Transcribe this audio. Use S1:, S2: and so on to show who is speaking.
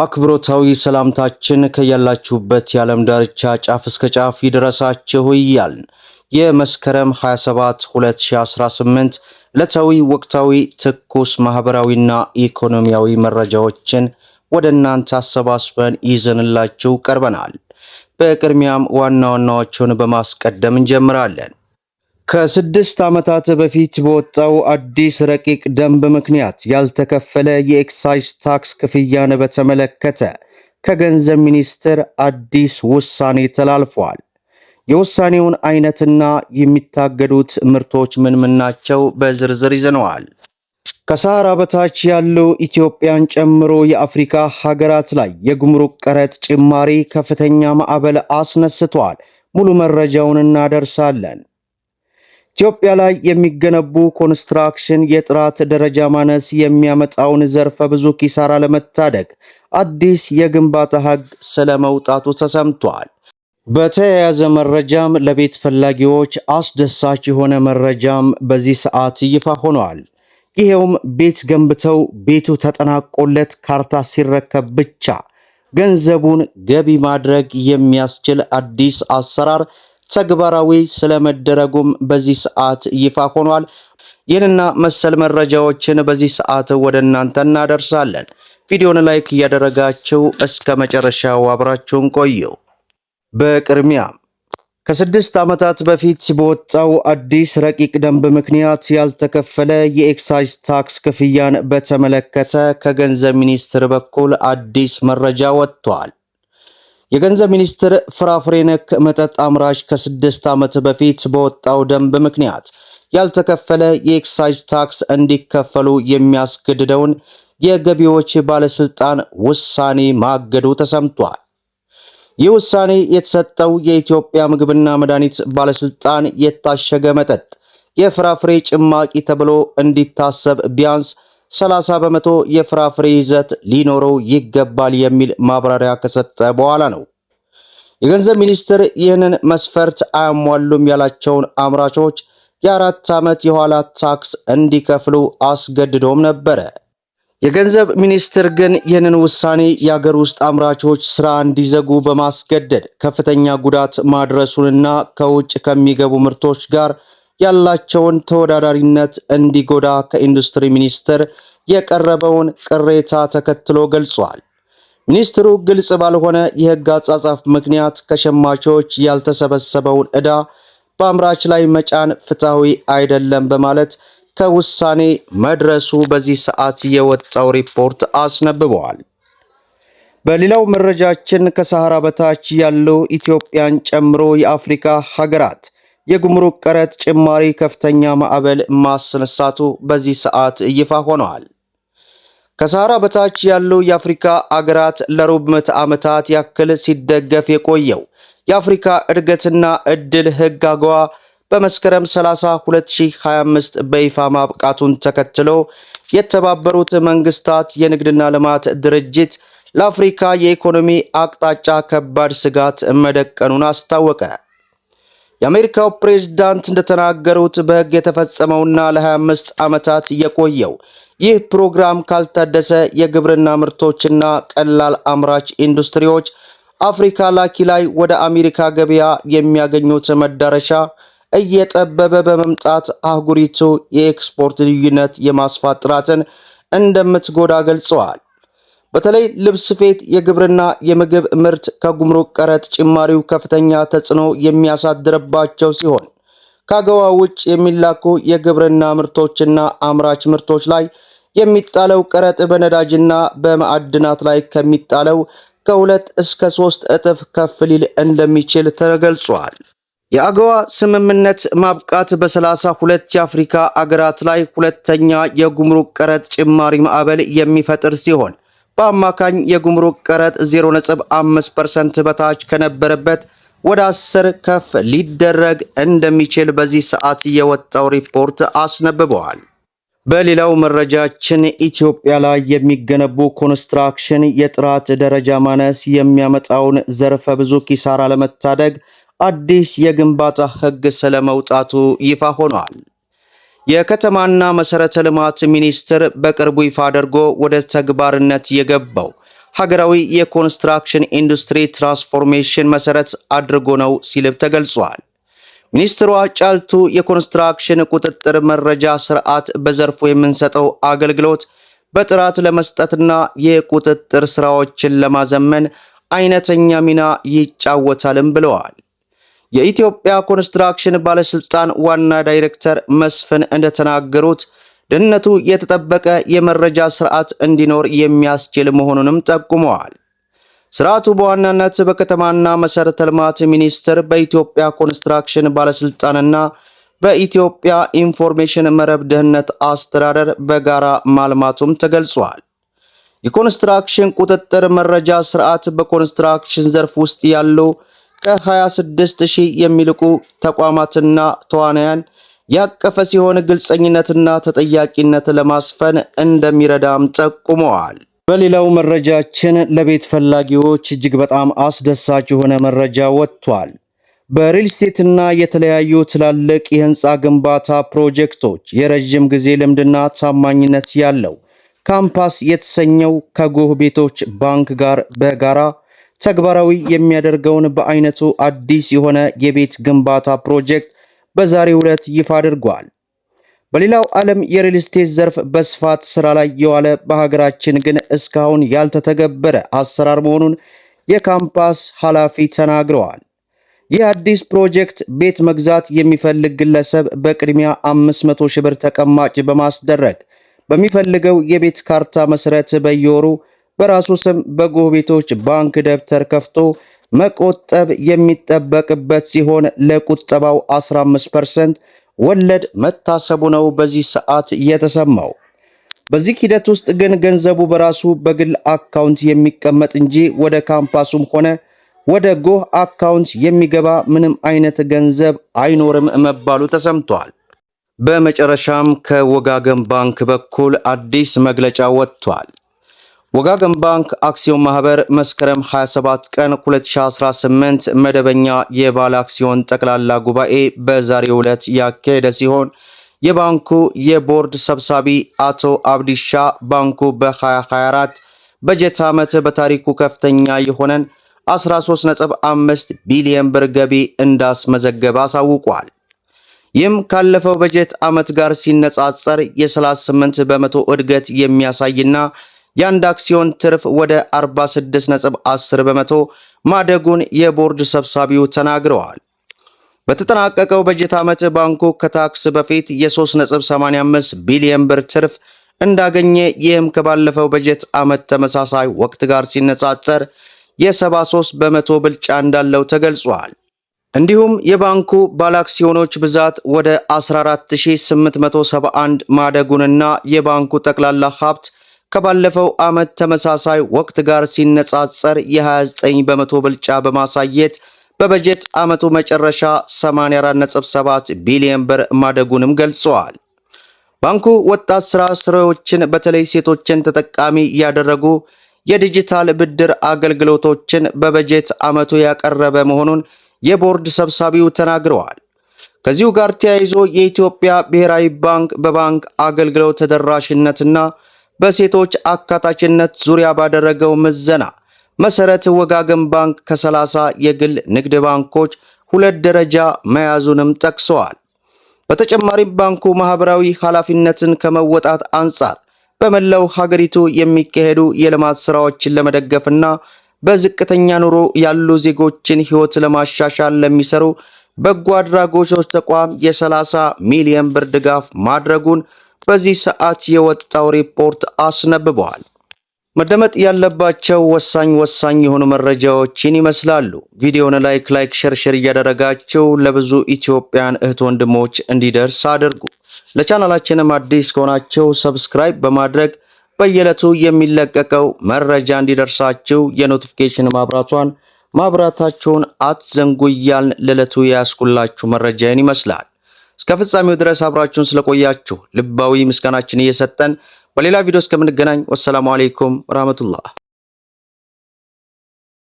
S1: አክብሮታዊ ሰላምታችን ከያላችሁበት የዓለም ዳርቻ ጫፍ እስከ ጫፍ ይድረሳችሁ እያልን የመስከረም 27 2018 ዕለታዊ ወቅታዊ ትኩስ ማህበራዊና ኢኮኖሚያዊ መረጃዎችን ወደ እናንተ አሰባስበን ይዘንላችሁ ቀርበናል። በቅድሚያም ዋና ዋናዎቹን በማስቀደም እንጀምራለን። ከስድስት ዓመታት በፊት በወጣው አዲስ ረቂቅ ደንብ ምክንያት ያልተከፈለ የኤክሳይዝ ታክስ ክፍያን በተመለከተ ከገንዘብ ሚኒስቴር አዲስ ውሳኔ ተላልፏል። የውሳኔውን አይነትና የሚታገዱት ምርቶች ምን ምን ናቸው? በዝርዝር ይዘነዋል። ከሰሃራ በታች ያሉ ኢትዮጵያን ጨምሮ የአፍሪካ ሀገራት ላይ የጉምሩክ ቀረጥ ጭማሪ ከፍተኛ ማዕበል አስነስቷል። ሙሉ መረጃውን እናደርሳለን። ኢትዮጵያ ላይ የሚገነቡ ኮንስትራክሽን የጥራት ደረጃ ማነስ የሚያመጣውን ዘርፈ ብዙ ኪሳራ ለመታደግ አዲስ የግንባታ ሕግ ስለመውጣቱ ተሰምቷል። በተያያዘ መረጃም ለቤት ፈላጊዎች አስደሳች የሆነ መረጃም በዚህ ሰዓት ይፋ ሆኗል። ይሄውም ቤት ገንብተው ቤቱ ተጠናቆለት ካርታ ሲረከብ ብቻ ገንዘቡን ገቢ ማድረግ የሚያስችል አዲስ አሰራር ተግባራዊ ስለመደረጉም በዚህ ሰዓት ይፋ ሆኗል። ይህንና መሰል መረጃዎችን በዚህ ሰዓት ወደ እናንተ እናደርሳለን። ቪዲዮን ላይክ እያደረጋችሁ እስከ መጨረሻው አብራችሁን ቆዩ። በቅድሚያ ከስድስት ዓመታት በፊት በወጣው አዲስ ረቂቅ ደንብ ምክንያት ያልተከፈለ የኤክሳይዝ ታክስ ክፍያን በተመለከተ ከገንዘብ ሚኒስቴር በኩል አዲስ መረጃ ወጥቷል። የገንዘብ ሚኒስቴር ፍራፍሬ ነክ መጠጥ አምራች ከስድስት ዓመት በፊት በወጣው ደንብ ምክንያት ያልተከፈለ የኤክሳይዝ ታክስ እንዲከፈሉ የሚያስገድደውን የገቢዎች ባለስልጣን ውሳኔ ማገዱ ተሰምቷል። ይህ ውሳኔ የተሰጠው የኢትዮጵያ ምግብና መድኃኒት ባለስልጣን የታሸገ መጠጥ የፍራፍሬ ጭማቂ ተብሎ እንዲታሰብ ቢያንስ 30 በመቶ የፍራፍሬ ይዘት ሊኖረው ይገባል የሚል ማብራሪያ ከሰጠ በኋላ ነው። የገንዘብ ሚኒስትር ይህንን መስፈርት አያሟሉም ያላቸውን አምራቾች የአራት ዓመት የኋላ ታክስ እንዲከፍሉ አስገድዶም ነበረ። የገንዘብ ሚኒስትር ግን ይህንን ውሳኔ የአገር ውስጥ አምራቾች ስራ እንዲዘጉ በማስገደድ ከፍተኛ ጉዳት ማድረሱንና ከውጭ ከሚገቡ ምርቶች ጋር ያላቸውን ተወዳዳሪነት እንዲጎዳ ከኢንዱስትሪ ሚኒስትር የቀረበውን ቅሬታ ተከትሎ ገልጿል። ሚኒስትሩ ግልጽ ባልሆነ የህግ አጻጻፍ ምክንያት ከሸማቾች ያልተሰበሰበውን ዕዳ በአምራች ላይ መጫን ፍትሐዊ አይደለም በማለት ከውሳኔ መድረሱ በዚህ ሰዓት የወጣው ሪፖርት አስነብበዋል። በሌላው መረጃችን ከሰሃራ በታች ያሉ ኢትዮጵያን ጨምሮ የአፍሪካ ሀገራት የጉምሩክ ቀረጥ ጭማሪ ከፍተኛ ማዕበል ማስነሳቱ በዚህ ሰዓት ይፋ ሆነዋል። ከሰሃራ በታች ያሉ የአፍሪካ አገራት ለሩብ ምዕተ ዓመታት ያክል ሲደገፍ የቆየው የአፍሪካ እድገትና እድል ሕግ አገዋ በመስከረም 30 2025 በይፋ ማብቃቱን ተከትሎ የተባበሩት መንግስታት የንግድና ልማት ድርጅት ለአፍሪካ የኢኮኖሚ አቅጣጫ ከባድ ስጋት መደቀኑን አስታወቀ። የአሜሪካው ፕሬዝዳንት እንደተናገሩት በሕግ የተፈጸመውና ለ25 ዓመታት የቆየው ይህ ፕሮግራም ካልታደሰ የግብርና ምርቶችና ቀላል አምራች ኢንዱስትሪዎች አፍሪካ ላኪ ላይ ወደ አሜሪካ ገበያ የሚያገኙት መዳረሻ እየጠበበ በመምጣት አህጉሪቱ የኤክስፖርት ልዩነት የማስፋት ጥራትን እንደምትጎዳ ገልጸዋል። በተለይ ልብስ ስፌት፣ የግብርና የምግብ ምርት ከጉምሩክ ቀረጥ ጭማሪው ከፍተኛ ተጽዕኖ የሚያሳድርባቸው ሲሆን ከአገዋ ውጭ የሚላኩ የግብርና ምርቶችና አምራች ምርቶች ላይ የሚጣለው ቀረጥ በነዳጅና በማዕድናት ላይ ከሚጣለው ከሁለት እስከ ሶስት እጥፍ ከፍ ሊል እንደሚችል ተገልጿል። የአገዋ ስምምነት ማብቃት በሰላሳ ሁለት የአፍሪካ አገራት ላይ ሁለተኛ የጉምሩክ ቀረጥ ጭማሪ ማዕበል የሚፈጥር ሲሆን በአማካኝ የጉምሩክ ቀረጥ 0.5% በታች ከነበረበት ወደ 10 ከፍ ሊደረግ እንደሚችል በዚህ ሰዓት የወጣው ሪፖርት አስነብበዋል። በሌላው መረጃችን ኢትዮጵያ ላይ የሚገነቡ ኮንስትራክሽን የጥራት ደረጃ ማነስ የሚያመጣውን ዘርፈ ብዙ ኪሳራ ለመታደግ አዲስ የግንባታ ሕግ ስለመውጣቱ ይፋ ሆኗል። የከተማና መሰረተ ልማት ሚኒስቴር በቅርቡ ይፋ አድርጎ ወደ ተግባርነት የገባው ሀገራዊ የኮንስትራክሽን ኢንዱስትሪ ትራንስፎርሜሽን መሰረት አድርጎ ነው ሲልብ ተገልጿል። ሚኒስትሯ ጫልቱ የኮንስትራክሽን ቁጥጥር መረጃ ስርዓት በዘርፉ የምንሰጠው አገልግሎት በጥራት ለመስጠትና የቁጥጥር ስራዎችን ለማዘመን አይነተኛ ሚና ይጫወታልም ብለዋል። የኢትዮጵያ ኮንስትራክሽን ባለስልጣን ዋና ዳይሬክተር መስፍን እንደተናገሩት ደህንነቱ የተጠበቀ የመረጃ ስርዓት እንዲኖር የሚያስችል መሆኑንም ጠቁመዋል። ስርዓቱ በዋናነት በከተማና መሰረተ ልማት ሚኒስቴር በኢትዮጵያ ኮንስትራክሽን ባለስልጣንና በኢትዮጵያ ኢንፎርሜሽን መረብ ደህንነት አስተዳደር በጋራ ማልማቱም ተገልጿል። የኮንስትራክሽን ቁጥጥር መረጃ ስርዓት በኮንስትራክሽን ዘርፍ ውስጥ ያለው ከ26 ሺህ የሚልቁ ተቋማትና ተዋናያን ያቀፈ ሲሆን ግልጸኝነትና ተጠያቂነት ለማስፈን እንደሚረዳም ጠቁመዋል። በሌላው መረጃችን ለቤት ፈላጊዎች እጅግ በጣም አስደሳች የሆነ መረጃ ወጥቷል። በሪል ስቴትና የተለያዩ ትላልቅ የህንፃ ግንባታ ፕሮጀክቶች የረዥም ጊዜ ልምድና ታማኝነት ያለው ካምፓስ የተሰኘው ከጎህ ቤቶች ባንክ ጋር በጋራ ተግባራዊ የሚያደርገውን በአይነቱ አዲስ የሆነ የቤት ግንባታ ፕሮጀክት በዛሬው ዕለት ይፋ አድርጓል። በሌላው ዓለም የሪል ስቴት ዘርፍ በስፋት ስራ ላይ የዋለ በሀገራችን ግን እስካሁን ያልተተገበረ አሰራር መሆኑን የካምፓስ ኃላፊ ተናግረዋል። ይህ አዲስ ፕሮጀክት ቤት መግዛት የሚፈልግ ግለሰብ በቅድሚያ 500 ሺህ ብር ተቀማጭ በማስደረግ በሚፈልገው የቤት ካርታ መሰረት በየወሩ በራሱ ስም በጎህ ቤቶች ባንክ ደብተር ከፍቶ መቆጠብ የሚጠበቅበት ሲሆን ለቁጠባው 15% ወለድ መታሰቡ ነው በዚህ ሰዓት የተሰማው። በዚህ ሂደት ውስጥ ግን ገንዘቡ በራሱ በግል አካውንት የሚቀመጥ እንጂ ወደ ካምፓሱም ሆነ ወደ ጎህ አካውንት የሚገባ ምንም አይነት ገንዘብ አይኖርም መባሉ ተሰምቷል። በመጨረሻም ከወጋገን ባንክ በኩል አዲስ መግለጫ ወጥቷል። ወጋገን ባንክ አክሲዮን ማህበር መስከረም 27 ቀን 2018 መደበኛ የባለ አክሲዮን ጠቅላላ ጉባኤ በዛሬው ዕለት ያካሄደ ሲሆን የባንኩ የቦርድ ሰብሳቢ አቶ አብዲሻ ባንኩ በ2024 በጀት ዓመት በታሪኩ ከፍተኛ የሆነን 13.5 ቢሊዮን ብር ገቢ እንዳስመዘገበ አሳውቋል። ይህም ካለፈው በጀት ዓመት ጋር ሲነጻጸር የ38 በመቶ እድገት የሚያሳይና የአንድ አክሲዮን ትርፍ ወደ 46.10 በመቶ ማደጉን የቦርድ ሰብሳቢው ተናግረዋል። በተጠናቀቀው በጀት ዓመት ባንኩ ከታክስ በፊት የ3.85 ቢሊዮን ብር ትርፍ እንዳገኘ ይህም ከባለፈው በጀት ዓመት ተመሳሳይ ወቅት ጋር ሲነጻጸር የ73 በመቶ ብልጫ እንዳለው ተገልጿል። እንዲሁም የባንኩ ባለአክሲዮኖች ብዛት ወደ 14871 ማደጉንና የባንኩ ጠቅላላ ሀብት ከባለፈው ዓመት ተመሳሳይ ወቅት ጋር ሲነጻጸር የ29 በመቶ ብልጫ በማሳየት በበጀት ዓመቱ መጨረሻ 84.7 ቢሊዮን ብር ማደጉንም ገልጸዋል። ባንኩ ወጣት ስራ ስራዎችን በተለይ ሴቶችን ተጠቃሚ ያደረጉ የዲጂታል ብድር አገልግሎቶችን በበጀት ዓመቱ ያቀረበ መሆኑን የቦርድ ሰብሳቢው ተናግረዋል። ከዚሁ ጋር ተያይዞ የኢትዮጵያ ብሔራዊ ባንክ በባንክ አገልግሎት ተደራሽነትና በሴቶች አካታችነት ዙሪያ ባደረገው ምዘና መሰረት ወጋገን ባንክ ከ30 የግል ንግድ ባንኮች ሁለት ደረጃ መያዙንም ጠቅሰዋል። በተጨማሪም ባንኩ ማህበራዊ ኃላፊነትን ከመወጣት አንጻር በመላው ሀገሪቱ የሚካሄዱ የልማት ስራዎችን ለመደገፍና በዝቅተኛ ኑሮ ያሉ ዜጎችን ሕይወት ለማሻሻል ለሚሰሩ በጎ አድራጎቶች ተቋም የ30 ሚሊዮን ብር ድጋፍ ማድረጉን በዚህ ሰዓት የወጣው ሪፖርት አስነብበዋል። መደመጥ ያለባቸው ወሳኝ ወሳኝ የሆኑ መረጃዎችን ይመስላሉ። ቪዲዮውን ላይክ ላይክ ሸርሸር እያደረጋችሁ ለብዙ ኢትዮጵያን እህት ወንድሞች እንዲደርስ አድርጉ። ለቻናላችንም አዲስ ከሆናችሁ ሰብስክራይብ በማድረግ በየዕለቱ የሚለቀቀው መረጃ እንዲደርሳችሁ የኖቲፊኬሽን ማብራቷን ማብራታችሁን አትዘንጉ እያልን ለዕለቱ የያስኩላችሁ መረጃን ይመስላል። እስከ ፍጻሜው ድረስ አብራችሁን ስለቆያችሁ ልባዊ ምስጋናችን እየሰጠን በሌላ ቪዲዮ እስከምንገናኝ ወሰላሙ አሌይኩም ረህመቱላህ።